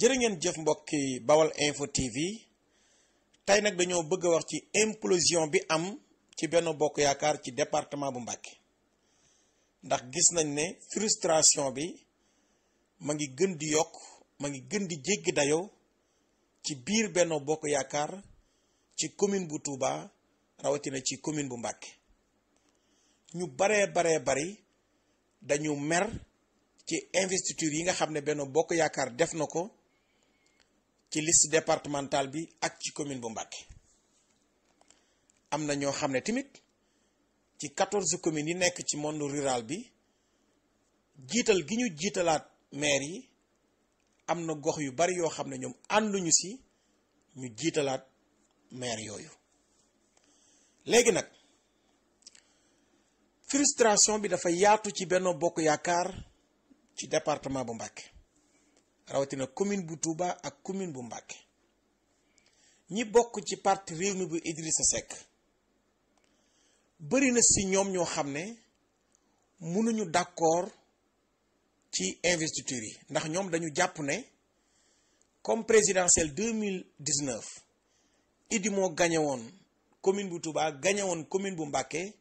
jërë ngeen jëf mbokki Bawal Info TV tey nag dañoo bëgg a wax ci implosion bi am ci benn Bokk Yaakaar ci département bu Mbacké ndax gis nañ ne frustration bi ma ngi gën di yokk ma ngi gën di jéggi dayo ci biir benn Bokk Yaakaar ci commune bu Touba rawatina ci commune bu Mbacké ñu baree baree bari dañu mer ci investiture yi nga xam ne benn Bokk Yaakaar def na ko ci list départementale bi ak ci commune bu Mbacké am na ñoo xam ne tamit ci quatorze communes yi nekk ci monde rural bi jiital gi ñu jiitalaat maire yi am na gox yu bari yoo xam ne ñoom ànduñu si ñu jiitalaat maire yooyu léegi nag frustration bi dafa yaatu ci benn Bokk Yaakaar ci département bu Mbacké rawatina commune bu Touba ak commune bu Mbacké ñi bokk ci parti réew mi bu Idrissa Seck bëri na si ñoom ñoo xam ne mënuñu d'accord ci investiture yi ndax ñoom dañu jàpp ne comme présidentielle 2019 Idi moo gañe woon commune bu Touba gañe commune bu Mbacké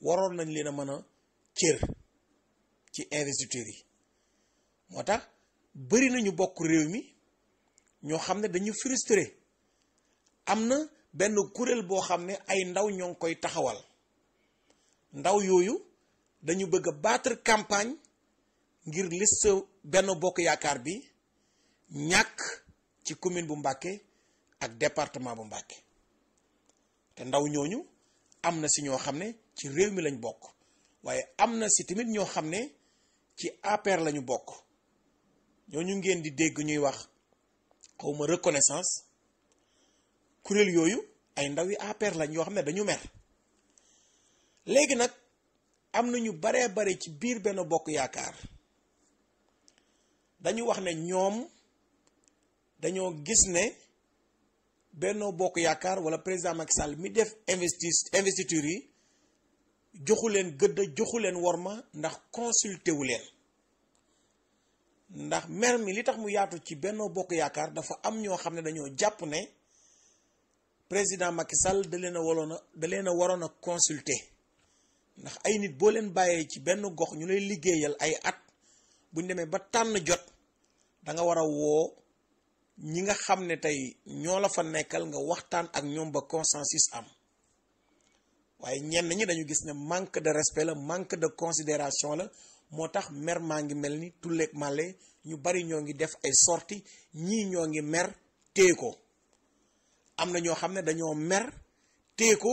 waroon nañ leen a mën a cër ci investiture yi moo tax bëri nañu bokk réew mi ñoo xam ne dañu frustré am na benn kuréel boo xam ne ay ndaw ñoo ngi koy taxawal ndaw yooyu dañu bëgg a battre campagne ngir liste benn bokk yaakaar bi ñàkk ci commune bu Mbàkke ak département bu Mbàkke te ndaw ñooñu am na si ñoo xam ne ci réew mi lañ bokk waaye am na si tamit ñoo xam ne ci APR lañu bokk ñooñu ngeen di dégg ñuy wax xawma reconnaissance kuréel yooyu ay ndaw yi APR lañ yoo xam ne dañu mer léegi nag am na ñu baree bare ci biir benn bokk yaakaar dañu wax ne ñoom dañoo gis ne Benno Bokk Yaakaar wala président Macky Sall mi def investi investiture yi joxu leen gëdd joxu leen worma ndax consulté wu leen. ndax mer mi li tax mu yaatu ci Benno Bokk Yaakaar dafa am ñoo xam ne dañoo jàpp ne président Macky Sall da leen waroon a da leen a waroon a consulter ndax ay nit boo leen bàyyee ci benn gox ñu lay liggéeyal ay at buñ demee ba tànn jot da nga war a woo ñi nga xam ne tey ñoo la fa nekkal nga waxtaan ak ñoom ba consensus am waaye ñenn ñi dañu gis ne manque de respect la manque de considération la moo tax mer maa ngi mel ni tulleeg male ñu bari ñoo ngi def ay sorti ñii ñoo ngi mer tée ko am na ñoo xam ne dañoo mer tée ko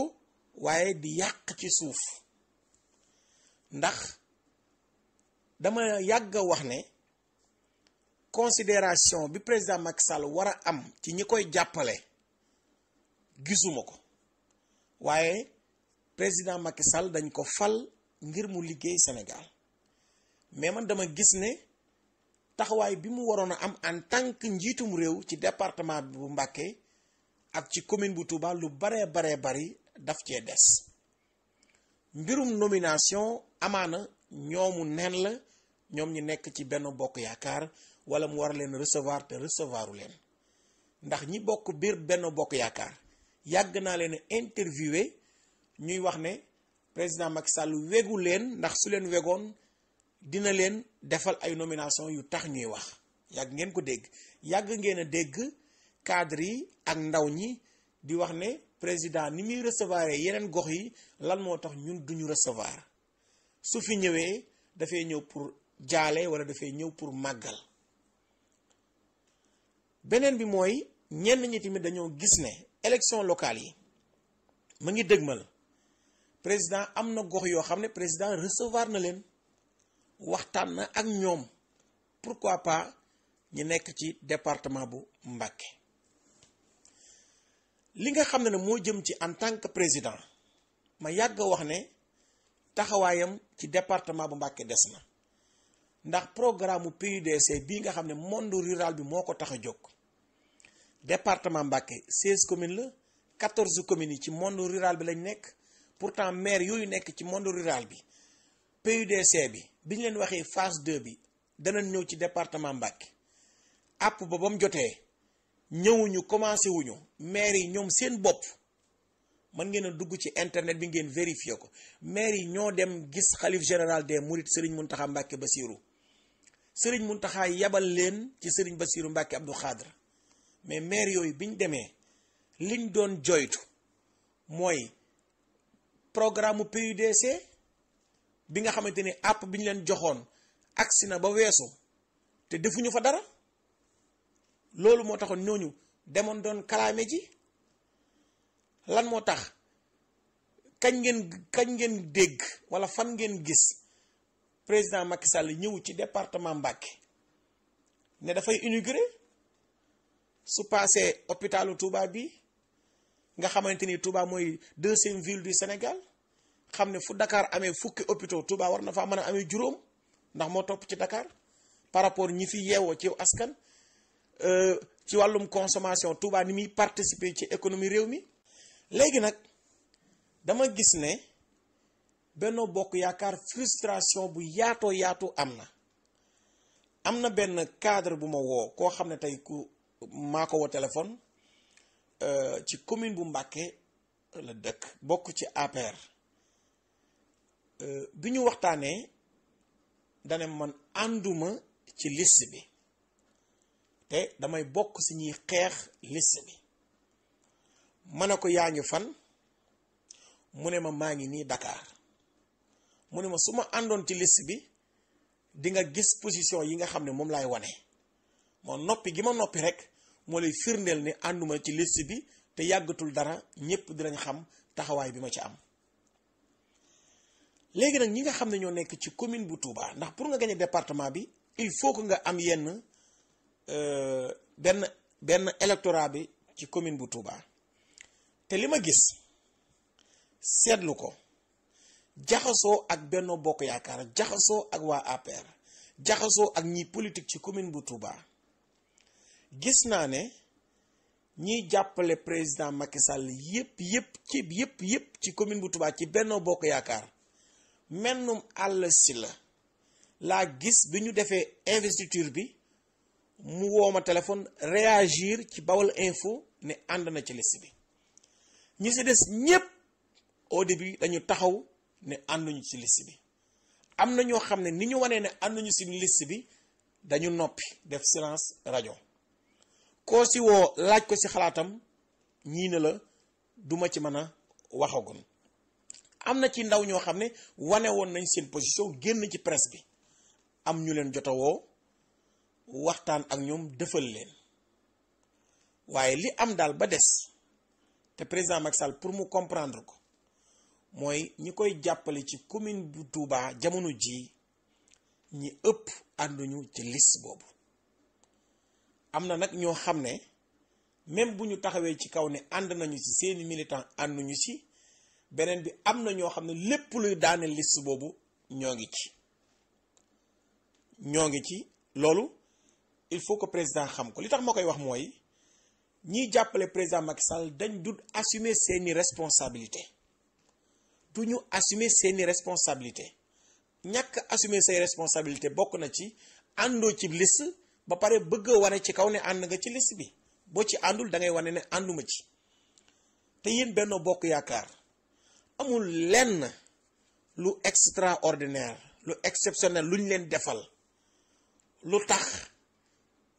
waaye di yàq ci suuf ndax dama yàgg a wax ne considération bi président Macky Sall war a am ci ñi koy jàppale gisuma ko waaye président Macky dañ ko fal ngir mu liggéey Sénégal mais man dama gis ne taxawaay bi mu waroon a am en tant njiitum réew ci département bu Mbàkke ak ci commune bu Touba lu baree baree bari daf cee des mbirum nomination amaana ñoomu nen la ñoom ñi nekk ci benn bokk yaakaar wala mu war leen recevoir te recevoiru leen ndax ñi bokk biir benn bokk yaakaar yàgg naa leen interviewé ñuy wax ne président Macky Sall wegu leen ndax su leen wegoon dina leen defal ay nomination yu tax ñuy wax yàgg ngeen ko dégg yàgg ngeen a dégg cadre yi ak ndaw ñi di wax ne président ni muy recevoir yeneen gox yi lan moo tax ñun duñu recevoir su fi ñëwee dafay ñëw pour jaale wala dafay ñëw pour màggal beneen bi mooy ñenn ñi tamit dañoo gis ne élection locale yi mu ngi dëgmal président am na gox yoo xam ne président recevoir na leen waxtaan na ak ñoom pour quoi pas ñi nekk ci département bu Mbacké li nga xam ne ne moo jëm ci en tant que président ma yàgg wax ne taxawaayam ci département bu Mbacké des na ndax programme mu PUDC bii nga xam ne monde rural bi moo ko tax a jóg département Mbacké commune communes la 14 communes yi ci monde rural bi lañ nekk pour pourtant maire yooyu nekk ci monde rural bi PUDC bi. bi ñu leen waxee phase 2 bi danañ ñëw ci département Mbacké àpp ba bam jotee ñëwuñu commencé wuñu maire yi ñoom seen bopp mën ngeen dugg ci internet bi ngeen vérifié ko maire yi ñoo dem gis xalif général des mun Serigne Mountakha Mbacké Bassirou mun taxa yebal leen ci Serigne Bassirou Mbacké Abdou Khadre mais maire yooyu bi ñu demee liñ doon joytu mooy programme PUDC bi nga xamante ni àpp bi ñu leen joxoon agsi na ba weesoo te defuñu fa dara loolu moo taxoon ñooñu demoon doon kalaame ji lan moo tax kañ ngeen kañ ngeen dégg walla fan ngeen gis président Macky Sall ñëw ci département Mbacké ne dafay inauguré su paasee hôpitalu Touba bi nga xamante ni Touba mooy deuxième ville du Sénégal xam ne fu dakaar amee fukki hôpitaux Touba war na faa mën a amee juróom ndax moo topp ci dakaar par rapport ñi fi yeewoo ci askan euh, ci wàllum consommation Touba ni muy participer ci économie réew mi. léegi nag dama gis ne Benno Bokk Yaakaar frustration bu yaatoo yaatu am na am na benn cadre bu ma woo koo xam ne tey ku maa ko woo téléphone euh, ci commune bu Mbacké la dëkk bokk ci apair bi euh, ñu waxtaanee dane man ànduma ci list bi te damay bokk si ñuy xeex liste bi ma ne ko yaa ngi fan mu ne ma maa ngi nii Dakar mu ne ma su ma àndoon ci list bi di nga gis position yi nga xam ne moom laay wane moo noppi gi ma noppi rek moo lay firndeel ni ànduma ci list bi te yàggatul dara ñépp dinañ xam taxawaay bi ma ci am léegi nag ñi nga xam ne ñoo nekk ci commune bu Touba ndax pour nga gagné département bi il faut que nga am yenn euh, benn benn électorat bi ci commune bu Touba te li ma gis seetlu ko jaxasoo ak Benno Bokk Yaakaar jaxasoo ak waa APR jaxasoo ak ñi politique ci commune bu Touba gis naa ne ñiy jàppale président Macky Sall yëpp yëpp ci yëpp yëpp ci commune bu Touba ci Benno Bokk Yaakaar. mennum àll si la laa gis bi ñu defee investiture bi mu woo ma téléphone réagir ci bawal info ne ànd na ci liste bi ñu si des ñépp au début dañu taxaw ne ànduñu ci liste bi am na ñoo xam ne ni ñu wanee ne ànduñu si liste bi dañu noppi def silence rajo koo si woo laaj ko si xalaatam ñii ne la duma ci mën a waxagun am na ci ndaw ñoo xam ne wane woon nañ seen position génn ci presque bi am ñu leen jotawoo waxtaan ak ñoom defal leen waaye li am daal ba des te président Macky Sall pour mu comprendre ko mooy ñi koy jàppale ci commune bu Touba jamono jii ñi ëpp ànduñu ci liste boobu am na nag ñoo xam ne même bu ñu taxawee ci kaw ne ànd nañu ci seeni militant ànduñu si beneen bi am na ñoo xam ne lépp luy daane liste boobu ñoo ngi ci ñoo ngi ci loolu il faut que président xam ko li tax ma koy wax mooy ñiy jàppale président Macky dañ dut assumer seeni responsabilité du ñu assumer seeni responsabilité ñàkk assumer say responsabilité bokk na ci àndoo ci liste ba pare bëgg a wane ci kaw ne ànd nga ci liste bi boo ci àndul da ngay wane ne ànduma ci te yéen Benno Bokk Yaakaar amul lenn lu extraordinaire lu exceptionnel lu ñu leen defal lu tax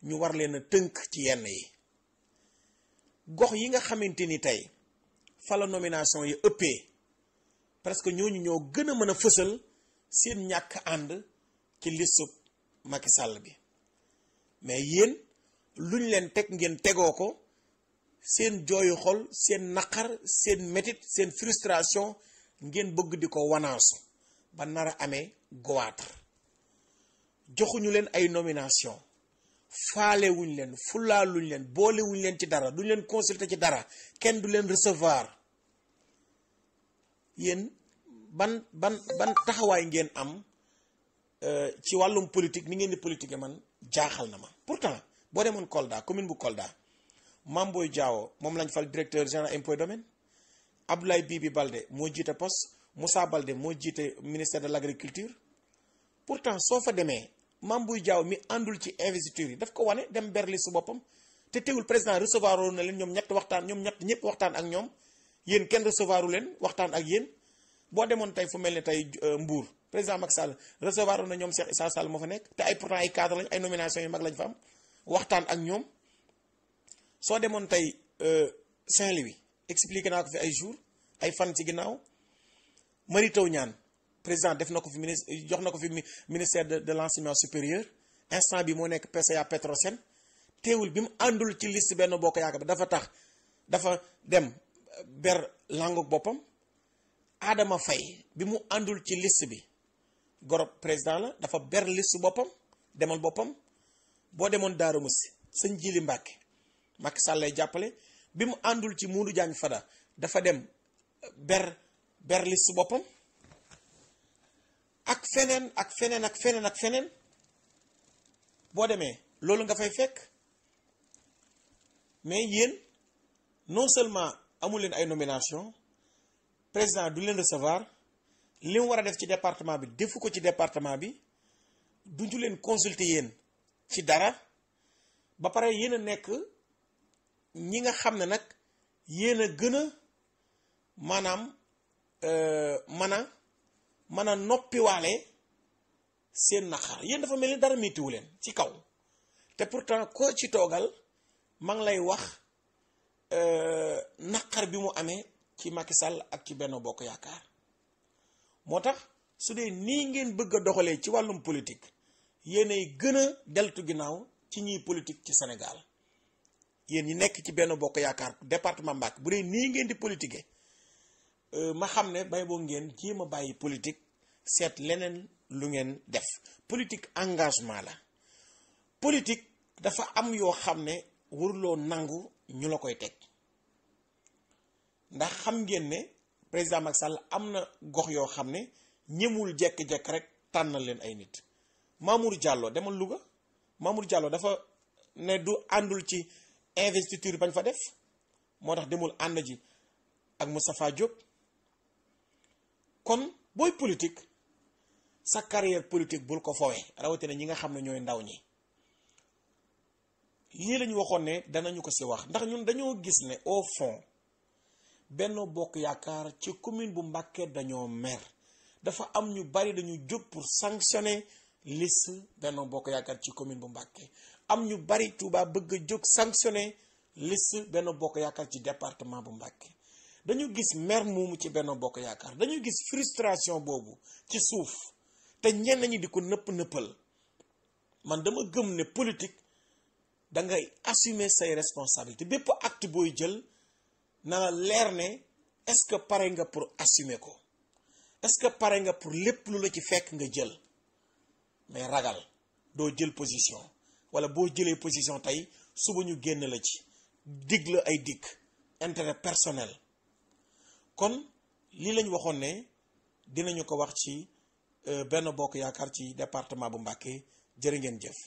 ñu war leen a tënk ci yenn yi gox yi nga xamante ni tey fa la yi ëppee parce que ñooñu ñoo gën a mën a fësal seen ñàkk ànd ci listu Macky Sall bi mais yéen luñ leen teg ngeen tegoo ko seen jooyu xol seen naqar seen metit seen frustration ngeen bëgg di ko wanaasu ba nar a amee goitre joxuñu leen ay nomination faalewuñ leen fulaaluñ leen boolewuñ leen ci dara duñ leen consulter ci dara kenn du leen recevoir yéen ban ban ban taxawaay ngeen am euh, ci wàllum politique ni ngeen di politique man jaaxal na ma pourtant boo demoon Kolda commune bu Kolda Mame Boye Diao moom lañ fal directeur général impôt domaine Abdoulaye bi Balde moo jiite poste Moussa Balde moo jiite ministère de l' agriculture pourtant soo fa demee Mame Boye Diao mi àndul ci investiture yi daf ko wane dem berli su boppam te teewul président recevoir woon na leen ñoom ñett waxtaan ñoom ñett ñëpp waxtaan ak ñoom yéen kenn recevoir leen waxtaan ak yéen boo demoon tey fu mel ni tey euh, mbuur président Macky Sall recevoir woon na ñoom Cheikh Issa Sall moo fa nekk te ay pourtant ay cadre lañ ay nomination yu mag am waxtaan ak ñoom. soo demoon tey euh, Saint-Louis expliqué naa ko fi ay jour ay fan ci ginnaaw Mary Teuw Niane président def na ko fi ministre jox na ko fi ministère de de l'enseignement supérieur instant bi moo nekk PCA Petrosen teewul bi mu àndul ci list benn bokk yaakaar dafa tax dafa dem ber langu boppam aadama Faye bi mu àndul ci list bi gorob président la dafa ber liste boppam demal boppam boo demoon Darou Moussi sëñ Jili Mbàkke mack Sall lay jàppale bi mu àndul ci Modou jàng Fada dafa dem euh, ber ber su boppam ak feneen ak feneen ak feneen ak feneen boo demee loolu nga fay fekk mais yéen non seulement amul leen ay nomination président du leen recevoir li mu war a def ci département bi defu ko ci département bi duñu leen consulter yéen ci dara ba pare yéen a nekk ñi nga xam ne nag yéen a gën a maanaam euh, mën a mën a noppiwaale seen naqar yéen dafa mel ni dara méttiwu leen ci kaw te pourtant koo ci toogal ma lay wax euh, naqar bi mu amee ci Macky Sall ak ci benn Bokk Yaakaar moo tax su dee nii ngeen bëgg a doxalee ci wàllum politique yéenay gën a deltu ginnaaw ci ñiy politique ci Sénégal yéen ñi nekk ci benn bokk yaakaar département Mbacké bu dee nii ngeen di politique euh, ma xam ne bay boo ngeen jéem a bàyyi politique seet leneen lu ngeen def politique engagement la politique dafa am yoo xam ne waruloo nangu ñu la koy teg ndax xam ngeen ne président Macky Sall am na gox yoo xam ne ñemul jekk-jekk rek tànnal leen ay nit Mamour Diallo demal Louga Mamour Diallo dafa ne du àndul ci investiture bañ fa def moo tax demul ànd ji ak Moustapha Diop kon booy politique sa carrière politique bul ko fowee rawatina ñi nga xam ne ñooy ndaw ñi lii lañuy waxoon ne danañu ko si wax ndax ñun dañoo gis ne au fond Benno Bokk Yaakaar ci commune bu Mbacké dañoo mer dafa am ñu bari dañu jóg pour sanctionner list Benno Bokk Yaakaar ci commune bu Mbacké am ñu bari Touba bëgg a jóg sanctionné liste benn Bokk Yaakaar ci département bu Mbacké dañu gis mer moomu ci benn Bokk Yaakaar dañu gis frustration boobu ci suuf te ñenn ñi di ko nëpp nëppal man dama gëm ne politique da ngay assumer say responsabilité bépp acte booy jël na leer ne est-ce que pare nga pour assumer ko est-ce que pare nga pour lépp lu la ci fekk nga jël mais ragal doo jël position. wala boo jëlee position tey suba ñu génn la ci dig la ay dikk intérêt personnel kon lii lañ waxoon ne dinañu ko wax ci euh, benn bokk yaakaar ci département bu Mbacké jërë ngeen jëf